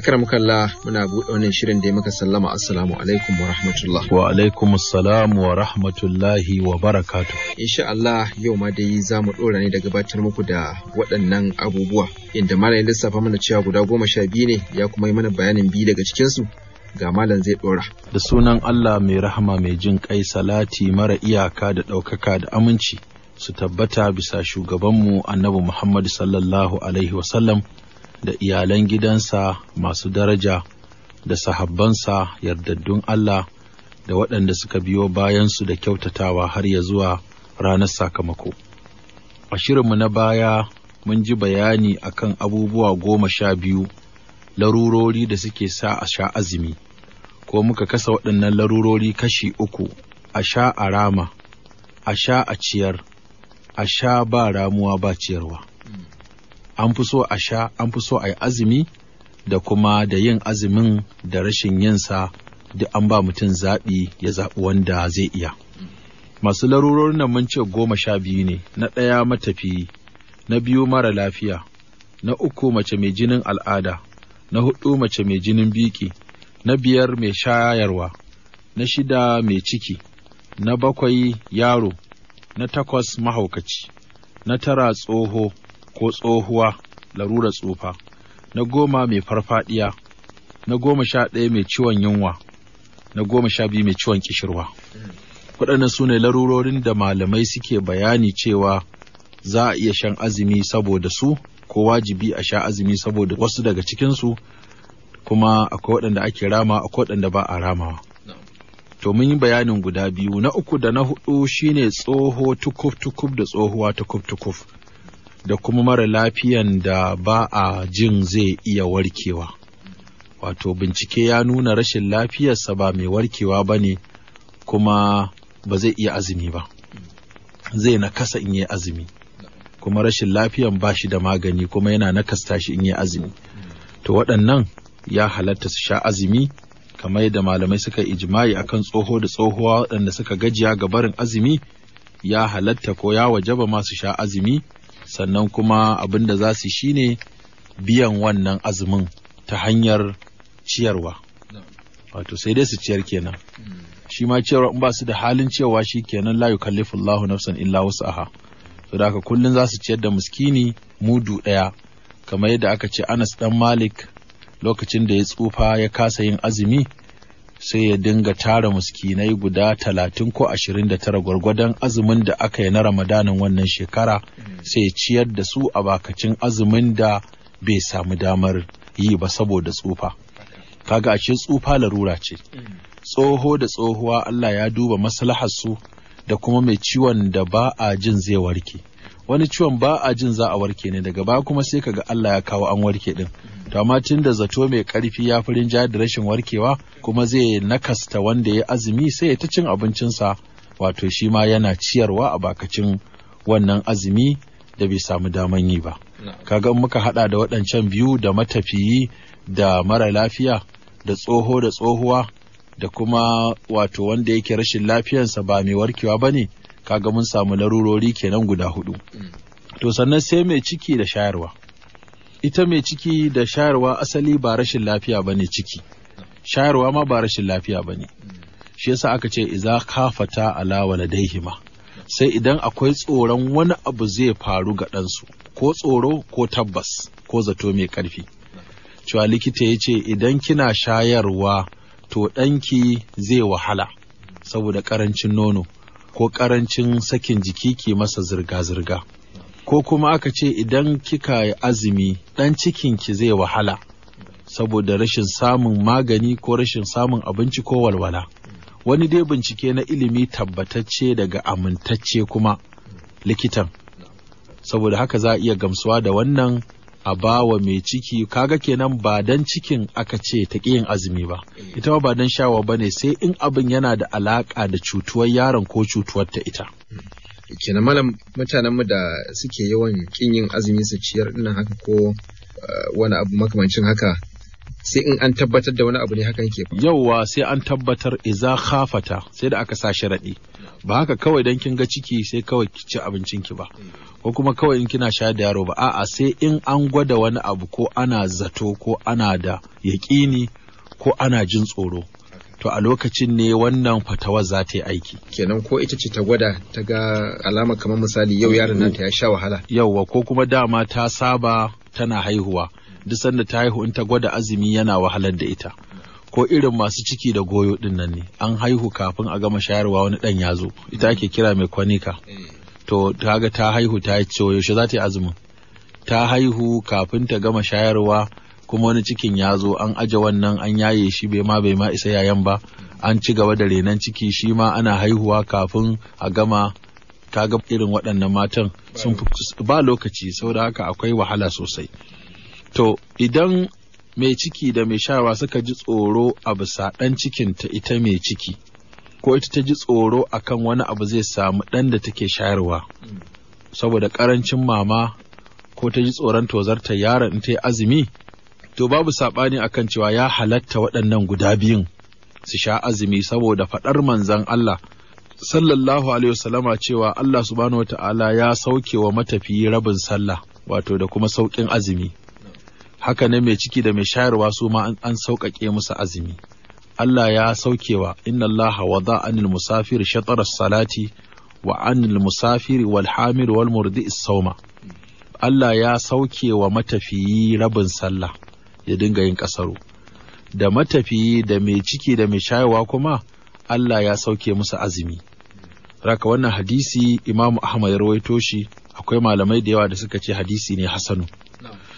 kalla muna buɗe wannan shirin da muka sallama assalamu alaikum wa rahmatullah wa alaikum assalam wa rahmatullahi wa barakatuh insha Allah yau ma dai za mu ɗora ne da gabatar muku da waɗannan abubuwa inda malamin lissafa mana cewa guda goma sha biyu ne ya kuma yi mana bayanin biyu daga cikinsu ga malam zai dora. Da sunan Allah mai rahama mai jin kai salati mara iyaka da ɗaukaka da aminci su tabbata bisa shugabanmu annabi Muhammad sallallahu alaihi sallam da iyalan gidansa masu daraja da sahabbansa yardaddun Allah da waɗanda suka biyo bayansu da kyautatawa har ya zuwa ranar sakamako. A shirinmu na baya mun ji bayani a kan abubuwa goma sha biyu larurori da suke sa a sha azumi, ko muka kasa waɗannan larurori kashi uku, a sha a rama, a sha a ciyar, a sha ba ramuwa ba ciyarwa. an fi so a sha an fi so a azumi da kuma da yin azumin da rashin yinsa duk an ba mutum zaɓi ya zaɓi wanda zai iya masu larurorin nan mun ce goma sha biyu ne na ɗaya matafi na biyu mara lafiya na uku mace mai jinin al'ada na hudu mace mai jinin biki na biyar mai shayarwa na shida mai ciki na bakwai yaro na takwas mahaukaci na tara tsoho ko tsohuwa larurar tsufa, na goma mai farfadiya, na goma sha ɗaya mai ciwon yunwa, na goma sha biyu mai ciwon kishirwa. Waɗannan su ne larurorin da malamai suke bayani cewa za a iya shan azumi saboda su, ko wajibi a sha azumi saboda wasu daga cikinsu, kuma akwai waɗanda ake rama, akwai waɗanda ba a ramawa. to mun yi bayanin guda biyu na uku da na hudu shine tsoho tukuf tukuf da tsohuwa tukuf tukuf da kuma mara lafiyan da ba a jin zai iya warkewa wato bincike ya nuna rashin lafiyarsa ba mai warkewa ba ne kuma ba zai iya azumi ba zai nakasa in yi azumi kuma rashin lafiyan ba shi da magani kuma yana nakasta shi in yi azumi to waɗannan ya halatta su sha azumi kamar yadda malamai suka ijimai akan tsoho da tsohuwa waɗanda suka gajiya ga barin azumi ya halatta ko ya wajaba masu sha azumi sannan kuma abin da za su shine biyan wannan azumin ta hanyar ciyarwa wato sai dai su ciyar kenan shi ma ciyarwa in ba su da halin cewa shi kenan la yukallifu Allahu nafsan illa wus'aha to da haka kullum za su ciyar da miskini mudu ɗaya kamar yadda aka ce Anas dan Malik lokacin da ya tsufa ya kasa yin azumi sai ya dinga tara muskinai guda talatin ko ashirin da tara gwargwadon azumin da aka yi na ramadanin wannan shekara sai ya ciyar da su a bakacin azumin da bai samu damar yi ba saboda tsufa kaga ashe tsufa larura ce tsoho da tsohuwa Allah ya duba maslahar su da kuma mai ciwon da ba a jin zai warke wani ciwon ba a jin za a warke ne daga ba kuma sai kaga Allah ya kawo an warke din to amma tun da zato mai karfi ya fi da rashin warkewa kuma zai nakasta wanda ya azumi sai ya ta cin abincinsa wato shi ma yana ciyarwa a bakacin wannan azumi da bai samu daman yi ba kaga muka hada da waɗancan biyu da matafiyi da mara lafiya da tsoho da tsohuwa da kuma wato wanda yake rashin lafiyansa ba mai warkewa ba ne kaga mun samu larurori kenan guda hudu mm. to sannan sai mai ciki da shayarwa ita mai ciki da shayarwa asali ba rashin lafiya ba ne ciki shayarwa ma ba rashin lafiya ba ne shi yasa aka ce iza kafata dai hima sai idan akwai tsoron wani abu zai faru ga ɗansu ko tsoro ko tabbas ko zato mai ƙarfi cewa likita ya ce idan kina shayarwa to ɗanki zai wahala saboda ƙarancin nono ko ƙarancin sakin jiki ke masa zirga-zirga ko kuma aka ce idan kika yi azumi ɗan cikinki zai wahala saboda rashin samun magani ko rashin samun abinci ko walwala wani dai bincike na ilimi tabbatacce daga amintacce kuma likitan saboda haka za a iya gamsuwa da wannan a bawa mai ciki kaga kenan ba dan cikin aka ce ta yin azumi ba ita ba dan shawa bane sai in abin yana da alaka da cutuwar yaron ko cutuwar ta ita kenan malam mutanen mu da suke yawan kin yin azumi su ciyar dinnan haka ko eh, wani abu makamancin haka sai in an tabbatar da wani abu ne haka yake yauwa sai an tabbatar iza khafata sai da aka sa shi raɗi ba haka kawai dan kin ga ciki sai kawai ki ci abincin ki ba ko kuma kawai in kina sha da yaro ba a'a sai in an gwada wani abu ko ana zato ko ana da yaƙini ko ana jin tsoro to a lokacin ne wannan fatawar za ta yi aiki kenan ko ita ce ta gwada ta ga alama kamar misali yau yaron ta ya sha wahala wa ko kuma dama ta saba tana haihuwa duk sanda ta haihu in ta gwada azumi yana wahalar da ita ko irin masu ciki da goyo din nan ne an haihu kafin a gama shayarwa wani dan ya zo ita ake kira mai kwanika eh. to ta ga ta haihu ta yi ciwo yaushe za ta yi azumin ta haihu kafin ta gama shayarwa kuma wani cikin ya zo an aje wannan an yaye shi bai ma bai ma isa yayan ba an ci gaba da renan ciki shi ma ana haihuwa kafin a gama ga irin waɗannan matan sun ba lokaci saboda haka akwai wahala sosai to idan mai ciki da mai shawa suka ji tsoro a bisa ɗan cikin ta ita mai ciki ko ita ta ji tsoro akan wani abu zai samu ɗan da take shayarwa saboda ƙarancin mama ko ta ji tsoron tozarta yaron in ta yi azumi to babu saɓani akan cewa ya halatta waɗannan guda biyun su sha azumi saboda faɗar manzan Allah sallallahu alaihi wasallama cewa Allah subhanahu wata'ala ya sauke wa matafiyi rabin sallah wato da kuma sauƙin azumi haka ne mai ciki da mai shayarwa su ma an sauƙaƙe musu azumi Allah ya saukewa inna Allah wada anil musafir shatar salati wa anil musafiri wal hamil wal murdi sauma Allah ya sauke wa matafiyi rabin sallah ya dinga yin kasaro da matafiyi da mai ciki da mai shayarwa kuma Allah ya sauke musu azumi raka wannan hadisi Imam Ahmad ya rawaito shi akwai malamai da yawa da suka ce hadisi ne hasanu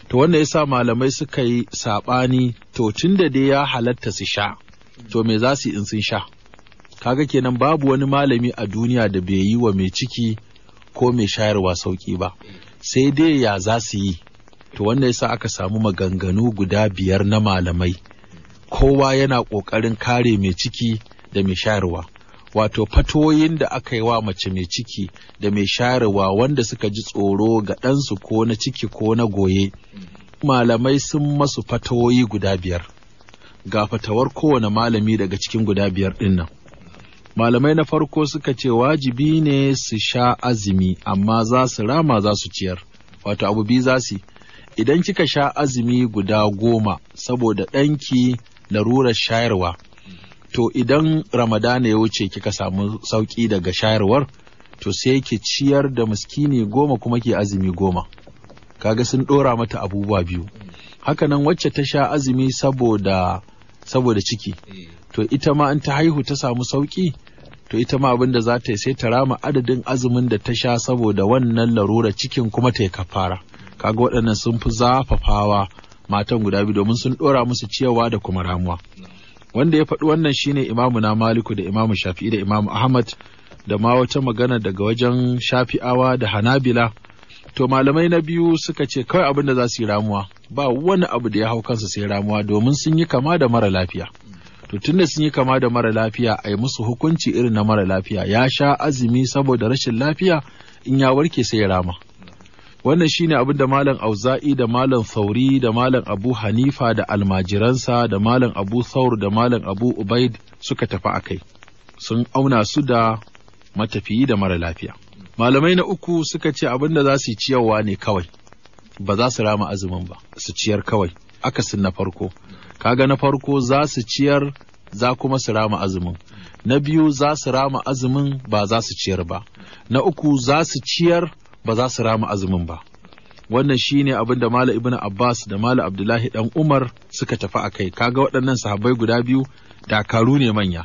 To wanda wannan yasa malamai suka yi saɓani to tunda dai ya halatta su sha to me za su in sun sha kaga kenan babu wani malami a duniya da bai yi wa mai ciki ko mai shayarwa sauki ba sai dai ya za su yi to wanda yasa aka samu maganganu guda biyar na malamai kowa yana ƙoƙarin kare mai ciki da mai shayarwa wato fatoyin da aka yi wa mace mai ciki da mai shayarwa wanda suka ji tsoro ga ɗansu ko na ciki ko na goye malamai sun masu fatoyi guda biyar ga fatawar kowane malami daga cikin guda biyar ɗin malamai na farko suka ce wajibi ne su sha azumi amma za su rama za su ciyar wato abu biyu za su idan kika sha azumi guda goma saboda ɗanki larurar shayarwa to idan ramadana ya wuce kika samu sauƙi daga shayarwar to sai ki ciyar da miskini goma kuma ki azumi goma kaga sun ɗora mata abubuwa biyu hakanan wacce ta sha azumi saboda saboda ciki to ita ma in ta haihu ta samu sauƙi to ita ma abin da za ta yi sai ta rama adadin azumin da ta sha saboda wannan larurar cikin kuma ta yi kafara kaga waɗannan sun fi zafafawa matan guda biyu domin sun ɗora musu ciyawa da kuma ramuwa wanda ya faɗi wannan shine imamu na maliku da imamu shafi'i da imamu ahmad da ma wata magana daga wajen shafi'awa da hanabila to malamai na biyu suka ce kawai abin da za su yi ramuwa ba wani abu da ya hau kansa sai ramuwa domin sun yi kama da mara lafiya to tunda sun yi kama da mara lafiya a yi musu hukunci irin na mara lafiya ya sha azumi saboda rashin lafiya in ya warke sai ya rama wannan shine abin da malam auza'i da malam sauri da malam abu hanifa da almajiransa da malam abu saur da malam abu ubaid suka tafi a kai sun auna su da matafiyi da mara lafiya malamai na uku suka ce abin da za su yi ciyarwa ne kawai ba za su rama azumin ba su ciyar kawai akasin na farko kaga na farko za su ciyar za kuma su rama azumin na biyu za su rama azumin ba za su ciyar ba na uku za su ciyar ba za su rama azumin ba wannan shine abin da Malam Ibn Abbas da Malam Abdullahi dan Umar suka tafi a kai kaga waɗannan sahabbai guda biyu dakaru ne manya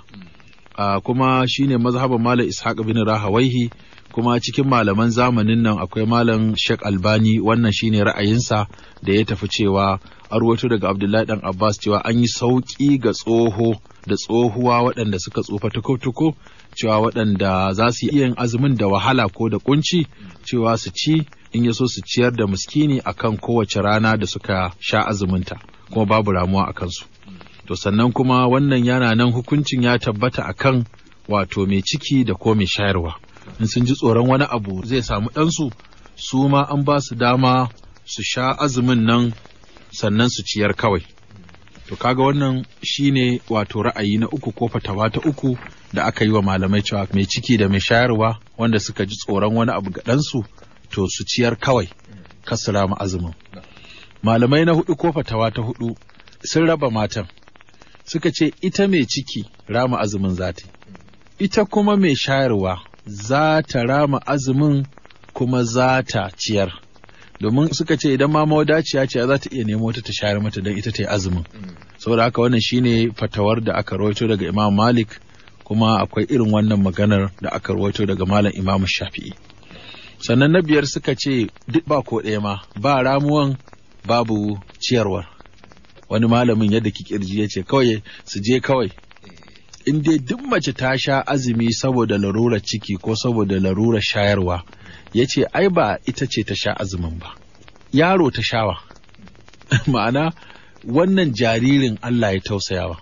ah, kuma shi ne mazhaban Malam Ishaq bin Rahawaihi kuma cikin malaman zamanin nan akwai malam Sheikh Albani wannan shine ra'ayinsa da ya tafi cewa arwato daga Abdullahi dan Abbas cewa an yi sauki ga tsoho da tsohuwa waɗanda suka tsufa tuko-tuko cewa waɗanda za su iya yin azumin da wahala ko da kunci cewa su ci in ya so su ciyar da miskini akan kowace rana da suka sha azuminta kuma babu ramuwa a kansu to sannan kuma wannan yana nan hukuncin ya tabbata akan wato mai ciki da ko mai shayarwa in sun ji tsoron wani abu zai samu ɗansu su ma an ba su dama su sha azumin nan sannan su ciyar kawai to kaga wannan shine wato ra'ayi na uku ko fatawa ta uku da aka yi wa malamai cewa mai ciki da mai shayarwa wanda suka ji tsoron wani abu ga ɗansu to su ciyar kawai mu azumin malamai na hudu ko fatawa ta hudu sun raba matan suka ce ita mai ciki rama azumin zata ita kuma mai shayarwa za ta rama azumin kuma za ta ciyar domin suka ce idan ma daciya ce za ta iya nemo ta ta shayar mata don ita ta yi azumin saboda haka wannan shine fatawar da aka rawaito daga imam malik kuma akwai irin wannan maganar da aka rawaito daga malam imam shafi'i sannan na biyar suka ce duk ba ko ɗaya ma ba ramuwan babu ciyarwar wani malamin yadda ki kirji ya ce kawai su je kawai in dai duk mace ta sha azumi saboda larurar ciki ko saboda larura shayarwa ya ce ai ba ita ce ta sha azumin ba yaro ta shawa ma'ana wannan jaririn Allah ya tausayawa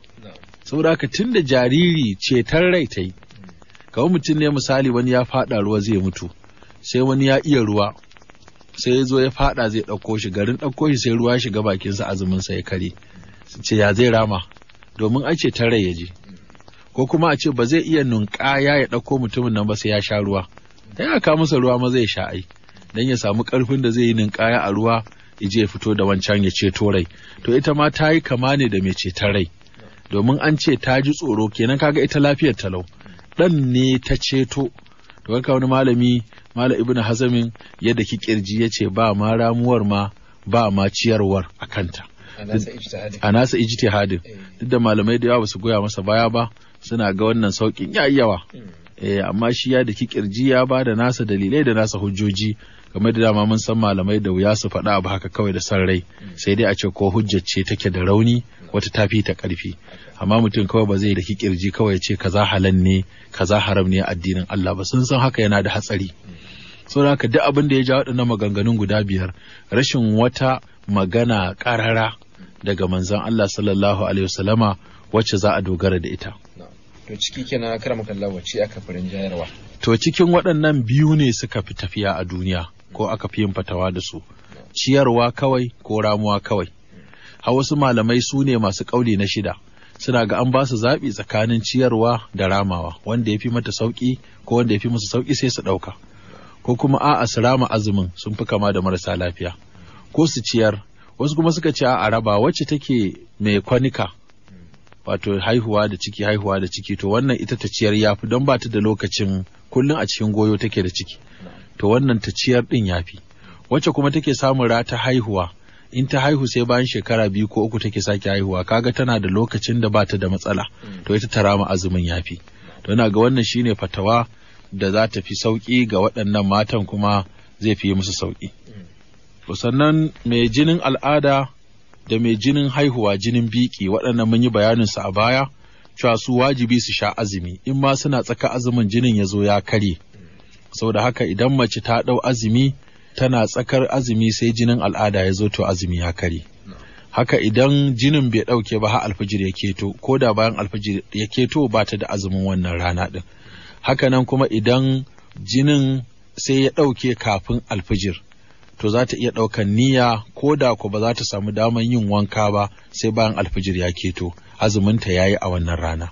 saboda haka tun da jariri ceton rai ta yi kawai mutum ne misali wani ya faɗa ruwa zai mutu sai wani ya iya ruwa sai ya zo ya faɗa zai ɗauko shi garin ɗauko shi sai ruwa shiga bakinsa azumin sa ya kare ce ya zai rama domin ai ceton rai ya je ko kuma a ce ba zai iya ninkaya ya ɗauko mutumin nan ba sai ya sha ruwa dan ya kawo masa ruwa ma zai sha ai dan ya samu ƙarfin da zai yi ninkaya a ruwa ya ya fito da wancan ya ceto rai to ita ma ta yi kama ne da mai ceton rai domin an ce ta ji tsoro kenan kaga ita lafiyar talau ɗan ne ta ceto to wanka wani malami malam ibnu hazamin yadda ki kirji ya ce ba ma ramuwar ma ba ma ciyarwar a kanta a nasa ijtihadin eh. duk da malamai da yawa ba su goya masa baya ba suna ga wannan sauƙin ya yawa hmm. eh amma shi ya da kirji ya ba da nasa dalilai da nasa hujjoji game da dama mun san malamai da wuya su faɗa abu haka kawai da san rai hmm. sai dai a ce ko hujjar ce take da rauni wata tafi ta ƙarfi amma mutum kawai ba zai da kirji kawai ce kaza halal ne kaza haram ne addinin Allah ba sun san haka yana da hatsari hmm. saboda haka duk abin da ya ja waɗannan maganganun guda biyar rashin wata magana ƙarara daga manzon Allah sallallahu alaihi wasallama wacce za a dogara da ita to ciki kenan aka jayarwa to cikin waɗannan biyu ne suka fi tafiya a duniya ko aka fi yin fatawa da su ciyarwa kawai ko ramuwa kawai a wasu malamai su ne masu ƙauli na shida suna ga an ba su zaɓi tsakanin ciyarwa da ramawa wanda ya fi mata sauƙi ko wanda ya fi musu sauƙi sai su ɗauka ko kuma a'a su rama azumin sun fi kama da marasa lafiya ko su ciyar wasu kuma suka ci a raba wacce take mai kwanika wato haihuwa da ciki haihuwa da ciki to wannan ita ta ciyar ya fi don ba ta da lokacin kullum a cikin goyo take da ciki to wannan ta ciyar din ya fi wacce kuma take samun rata haihuwa in ta haihu sai bayan shekara biyu ko uku take sake haihuwa kaga tana da lokacin da bata da matsala to ita ta rama azumin ya fi to ina ga wannan shine fatawa da za ta fi sauki ga waɗannan matan kuma zai fi musu sauki sannan mai jinin al'ada da mai jinin haihuwa jinin biki waɗannan mun yi bayanin su a baya cewa su wajibi su sha azumi in ma suna tsaka azumin jinin ya zo ya kare saboda haka idan mace ta ɗau azumi tana tsakar azumi sai jinin al'ada ya zo to azumi ya kare haka idan jinin bai ɗauke ba har alfijir ya keto ko da bayan alfijir ya keto ba ta da azumin wannan rana ɗin haka nan kuma idan jinin sai ya ɗauke kafin alfijir to za ta iya ɗaukan niyya ko da ko ba za ta samu daman yin wanka ba sai bayan alfijir ya keto azuminta ya yi a wannan rana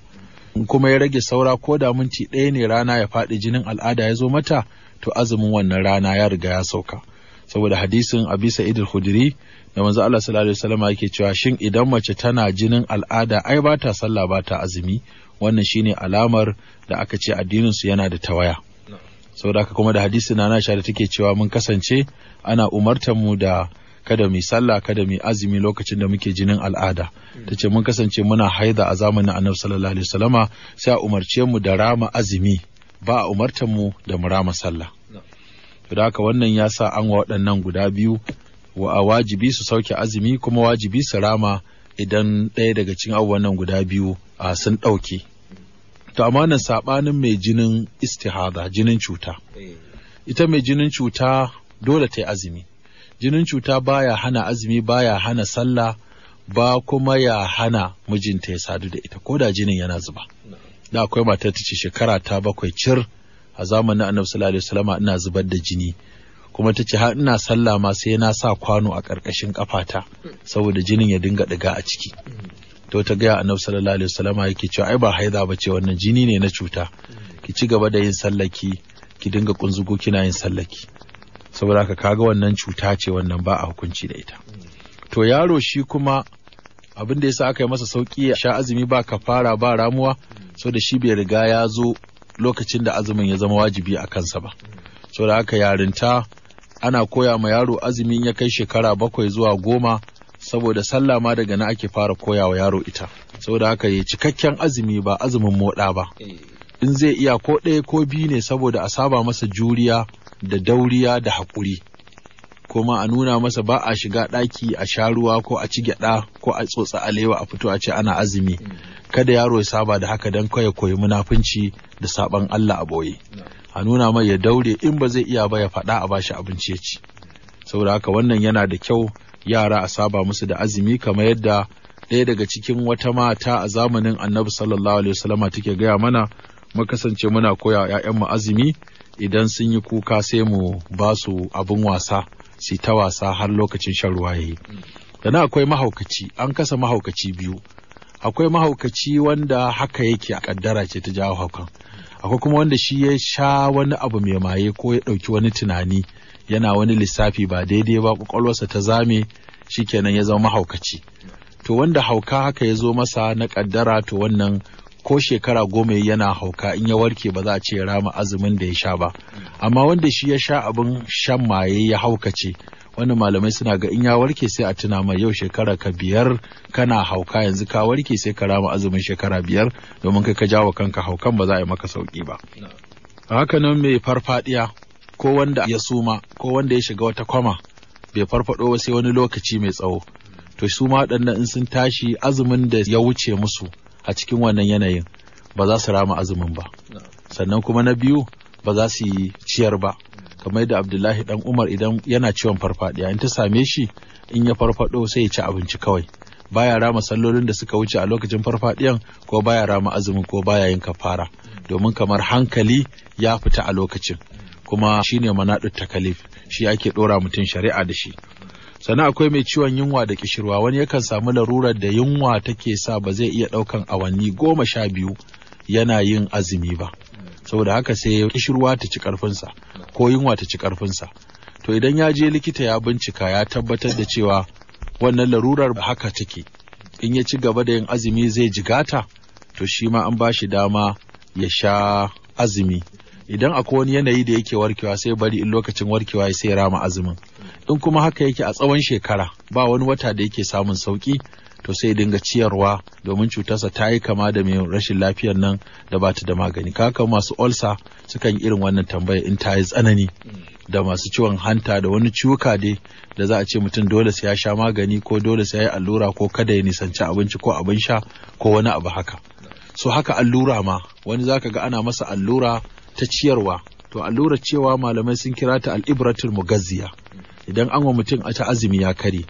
kuma ya rage saura ko da minti ɗaya ne rana ya faɗi jinin al'ada ya zo mata to azumin wannan rana ya riga ya sauka saboda hadisin abi sa'id al-khudri da manzo Allah sallallahu alaihi wasallam yake cewa shin idan mace tana jinin al'ada ai ba ta sallah ba ta azumi wannan shine alamar da aka ce addinin su yana da tawaya saboda haka kuma da hadisi na nasha da take cewa mun kasance ana umartar mu da kada mu sallah kada mu azumi lokacin da muke jinin al'ada tace mun kasance muna haida a zamanin Annabi sallallahu alaihi wasallama sai a umarce mu da rama azumi ba a umartar mu da mu rama sallah to da haka wannan ya sa an wa waɗannan guda biyu wa wajibi su sauke azumi kuma wajibi su rama idan ɗaya daga cikin abubuwan nan guda biyu sun ɗauke to amma na sabanin mai jinin istihada jinin cuta ita mai jinin cuta dole ta yi azumi jinin cuta baya hana azumi baya hana sallah ba kuma ya hana mijinta ya sadu da ita ko da jinin yana zuba da akwai matar ta ce shekara ta bakwai cir a zamanin annabi sallallahu alaihi wasallam ina zubar da jini kuma ta ce har ina sallah ma sai na sa kwano a ƙarƙashin kafata saboda jinin ya dinga ɗiga a ciki to ta gaya annabi sallallahu alaihi wasallam yake cewa ai ba haida ba ce wannan jini ne na cuta ki ci gaba da yin sallaki ki dinga kunzugo kina yin sallaki saboda haka kaga wannan cuta ce wannan ba a hukunci da ita to yaro shi kuma abin da yasa aka yi masa sauki ya sha azumi ba ka fara ba ramuwa so da shi bai riga ya zo lokacin da azumin ya zama wajibi a kansa ba saboda haka yarinta ana koya ma yaro azumin ya kai shekara bakwai zuwa goma saboda sallah ma daga na ake fara koya wa yaro ita saboda haka yi cikakken azumi ba azumin moɗa ba eh. in zai iya ko ɗaya ko biyu ne saboda a saba masa juriya da dauriya da haƙuri kuma a nuna masa ba a shiga ɗaki a sha ruwa ko a ci gyaɗa ko a tsotsa alewa a fito a ce ana azumi mm. kada yaro ya saba da haka don kawai koyi munafunci da saban Allah a boye a nuna mai ya daure in ba zai iya ba ya faɗa a bashi abinci ya ci saboda haka wannan yana da kyau yara a saba musu da azumi kamar yadda ɗaya daga cikin wata mata a zamanin annabi sallallahu alaihi wasallama take gaya mana mu kasance muna koya mu azumi idan sun yi kuka sai mu ba su abin wasa su ta wasa har lokacin shan ruwa yayi dana akwai mahaukaci an kasa mahaukaci biyu akwai mahaukaci wanda haka yake a kaddara ce ta jawo hakan akwai kuma wanda shi ya sha wani abu mai maye ko ya ɗauki wani tunani yana wani lissafi ba daidai ba kwakwalwarsa ta zame shi kenan ya zama mahaukaci to wanda hauka haka ya zo masa na kaddara to wannan ko shekara goma yana hauka in ya warke ba za a ce rama azumin da ya sha ba amma wanda shi ya sha abin shan maye ya haukace Wani malamai suna ga in ya warke sai a tuna mai yau shekara ka biyar kana hauka yanzu ka warke sai ka rama azumin shekara biyar domin kai ka jawo kanka haukan ba za a yi maka sauki ba hakanan mai farfadiya ko wanda ya suma ko wanda ya shiga wata kwama bai farfado ba sai wani lokaci mai tsawo to su ma waɗannan in sun tashi azumin da ya wuce musu a cikin wannan yanayin ba za su rama azumin ba sannan kuma na biyu ba za su yi ciyar ba kamar da abdullahi dan umar idan yana ciwon farfadiya in ta same shi in ya farfado sai ya ci abinci kawai baya rama sallolin da suka wuce a lokacin farfadiyan ko baya rama azumin ko baya yin kafara domin kamar hankali ya fita a lokacin kuma shi shine manaɗin takalif shi ake ɗora mutum shari'a da shi sannan akwai mai ciwon yunwa da kishirwa wani yakan samu larurar da yunwa take sa ba zai iya ɗaukan awanni goma sha biyu yana yin azumi ba saboda haka sai kishirwa ta ci ƙarfinsa ko yunwa ta ci ƙarfinsa to idan ya je likita ya bincika ya tabbatar da cewa wannan larurar haka take in ya ci gaba da yin azumi zai jigata to shi ma an ba shi dama ya sha azumi idan akwai wani yanayi da yake warkewa sai bari in lokacin warkewa ya sai rama azumin in kuma haka yake a tsawon shekara ba wani wata da yake samun sauki to sai dinga ciyarwa domin cutarsa ta yi kama da mai rashin lafiyar nan da ba ta da magani kaka masu olsa sukan irin wannan tambaya in ta yi tsanani da masu ciwon hanta da wani ciwuka dai da za a ce mutum dole sai ya sha magani ko dole sai ya yi allura ko kada ya nisanci abinci ko abin sha ko wani abu haka so haka allura ma wani zaka ga ana masa allura ta ciyarwa to allurar cewa malamai sun kira ta al'ibratul mugazziya idan an wa mutum ta azumi ya kare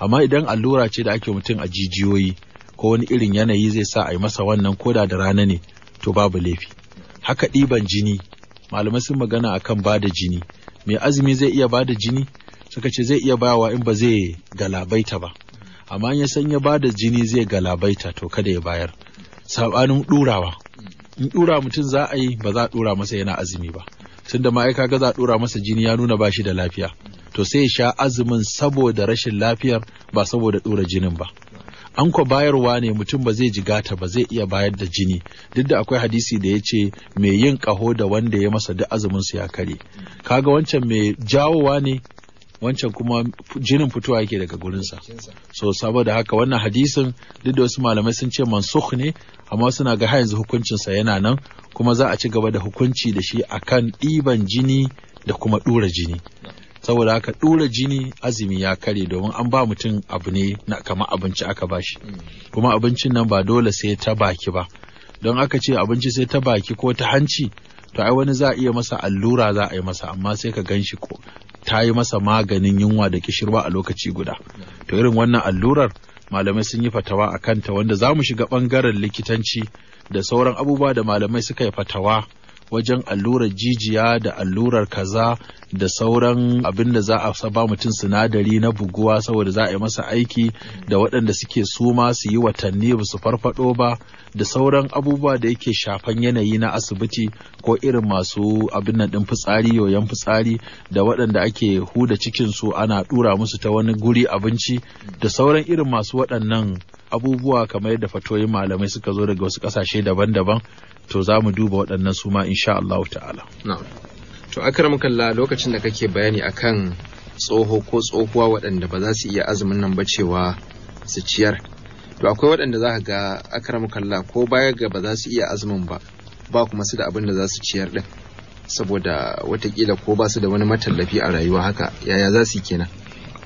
amma idan allura ce da ake mutum a jijiyoyi ko wani irin yanayi zai sa a yi masa wannan koda da rana ne to babu laifi haka ɗiban jini malamai sun magana akan ba da jini mai azumi zai iya ba da jini suka ce zai iya bayawa in ba zai galabaita ba amma ya san ya ba da jini zai galabaita to kada ya bayar saɓanin ɗurawa in dura mutum za a yi ba za a dura masa yana azumi ba tunda ma ai kaga za a dura masa jini ya nuna ba shi da lafiya to sai sha azumin saboda rashin lafiyar ba saboda dura jinin ba an ko bayarwa ne mutum ba zai jigata ba zai iya bayar da jini duk da akwai hadisi da ya ce mai yin kaho da wanda ya masa duk azumin su ya kare kaga wancan mai jawowa ne wancan kuma jinin fitowa yake daga gurinsa so saboda haka wannan hadisin duk da wasu malamai sun ce mansukh ne amma suna ga yanzu hukuncinsa yana nan kuma za a ci gaba da hukunci da shi akan ɗiban jini da kuma ɗura jini saboda haka ɗura jini azumi ya kare domin an ba mutum abu ne na kamar abinci aka bashi kuma abincin nan ba dole sai ta baki ba don aka ce abinci sai ta baki ko ta hanci to ai wani za a iya masa allura za a yi masa amma sai ka gan shi ko ta yi masa maganin yunwa da kishirwa a lokaci guda to irin wannan allurar malamai sun yi fatawa a kanta wanda zamu shiga ɓangaren likitanci da sauran abubuwa da malamai suka yi fatawa wajen allurar jijiya da allurar kaza da sauran abin da za a ba mutum sinadari na buguwa saboda za a yi masa aiki da waɗanda suke suma su yi watanni ba su farfado ba da sauran abubuwa da yake shafan yanayi na asibiti ko irin masu abin nan ɗin fitsari yoyon fitsari da waɗanda ake huda cikinsu ana ɗura musu ta wani guri abinci da sauran irin masu waɗannan abubuwa kamar yadda fatoyin malamai suka zo daga wasu ƙasashe daban-daban to za mu duba waɗannan su ma insha Allah ta'ala to akram kalla lokacin da kake bayani akan tsoho ko tsohuwa waɗanda ba za su iya azumin nan ba cewa su ciyar to akwai waɗanda za ka ga akram kalla ko baya ga ba za su iya azumin ba ba kuma su da abin da za su ciyar din saboda watakila ko ba su da wani matallafi a rayuwa haka yaya za su kenan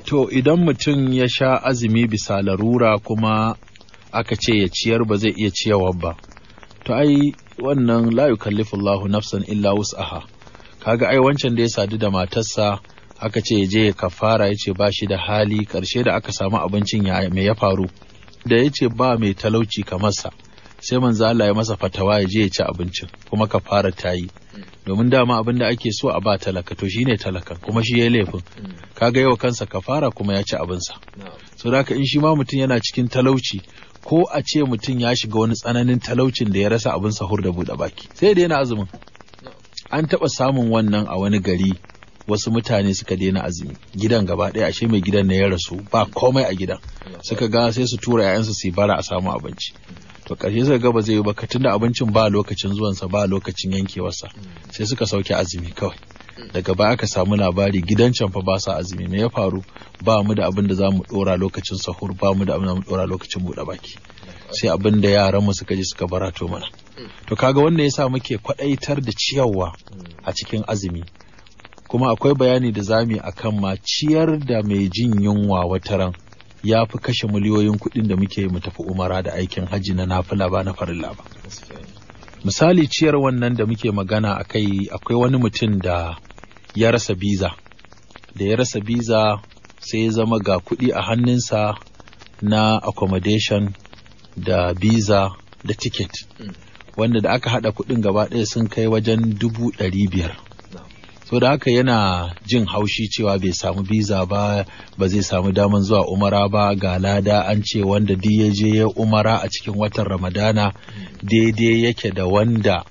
to idan mutum ya sha azumi bisa larura kuma aka ce ya ciyar ba zai iya ciyarwa ba to ai wannan la yukallifu Allahu nafsan illa wus'aha kaga ai wancan da ya sadu da matarsa aka ce je ya kafara ya ce ba shi da hali karshe da aka samu abincin ya me ya faru da ya ce ba mai talauci kamar sa sai manzo Allah ya masa fatawa ya je ya ci abincin kuma kafara ta yi domin dama abin da ake so a ba talaka to shine talakan kuma shi ya laifin kaga yau kansa kafara kuma ya ci abinsa so da in shi ma mutum yana cikin talauci ko a ce mutum ya shiga wani tsananin talaucin da ya rasa abin sahur da buɗe baki sai daina azumin an taɓa samun wannan a wani gari wasu mutane suka daina azumi gidan gaba ɗaya ashe mai gidan ne ya rasu ba komai a gidan suka ga sai su tura 'ya'yansu su bara a samu abinci to ƙarshe suka ga ba zai yi ba tunda abincin ba lokacin zuwansa ba lokacin yankewarsa sai suka sauke azumi kawai daga baya aka samu labari gidan can fa ba sa azumi me ya faru ba mu da abin da za mu dora lokacin sahur ba mu da abin da mu dora lokacin buɗe baki sai abin da yaran mu suka ji suka barato mana to kaga wannan yasa muke kwadaitar da ciyarwa a cikin azumi kuma akwai bayani da zami akan ma ciyar da mai jin yunwa wataran ya fi kashe miliyoyin kuɗin da muke mu tafi umara da aikin hajji na nafila ba na farilla ba misali ciyar wannan da muke magana akai akwai wani mutum da ya rasa biza da ya rasa biza sai ya zama ga kuɗi a hannunsa na accommodation da biza da ticket mm. wanda da aka haɗa kuɗin gaba ɗaya sun kai wajen dubu ɗari biyar so da haka yana jin haushi cewa bai samu biza ba ba zai samu daman zuwa umara ba ga lada an ce wanda duk ya je ya umara a cikin watan ramadana daidai yake da wanda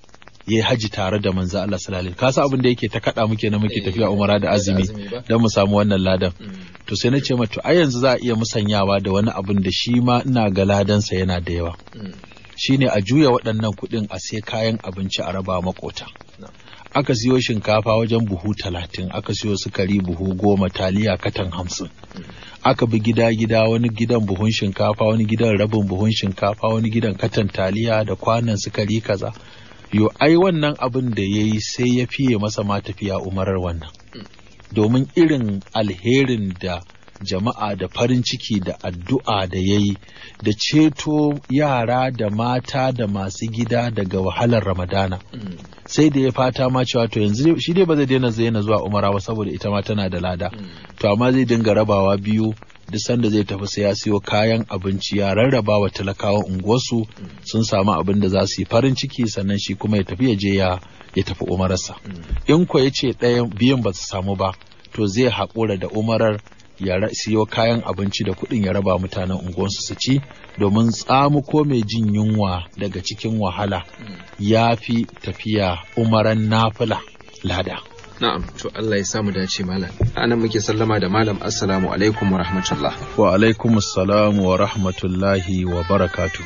ya haji tare da manzo Allah sallallahu alaihi kasa abin da yake ta kada muke na eh, muke tafiya umara da azumi dan mu samu wannan ladan mm. to sai na ce mata a yanzu za a iya musanyawa da wani abin da shi ma ina ga ladansa yana da yawa mm. shine a juya waɗannan kuɗin a sai kayan abinci a raba makota aka siyo shinkafa wajen buhu talatin aka siyo sukari buhu goma taliya katan hamsin aka bi gida-gida wani gidan buhun shinkafa wani gidan rabin buhun shinkafa wani gidan katan taliya da kwanan sukari kaza yo ai wannan abin da ya yi sai ya fiye masa ma tafiya umarar wannan domin irin alherin da jama'a da farin ciki da addu'a da ya yi da ceto yara da mata da masu gida daga wahalar ramadana sai da ya fata ma cewa to yanzu shi dai ba zai daina zaina zuwa umara ba saboda ita ma tana da lada hmm. to amma zai dinga rabawa biyu duk sanda zai tafi sai ya siyo kayan abinci ya rarraba wa talakawa unguwarsu hmm. sun samu abin da za su yi farin ciki sannan shi kuma ya tafi ya je ya ya tafi umararsa hmm. in ko ya ce ɗayan biyun ba su samu ba to zai haƙura da umarar ya siyo kayan abinci da kuɗin ya raba mutanen unguwansu su ci domin tsamuko mai jin yunwa daga cikin wahala ya fi tafiya umaran nafila lada. Na'am, to Allah ya samu dace malam. Anan muke sallama da malam assalamu alaikum wa rahmatullah. Wa alaikum wa rahmatullahi wa barakatu.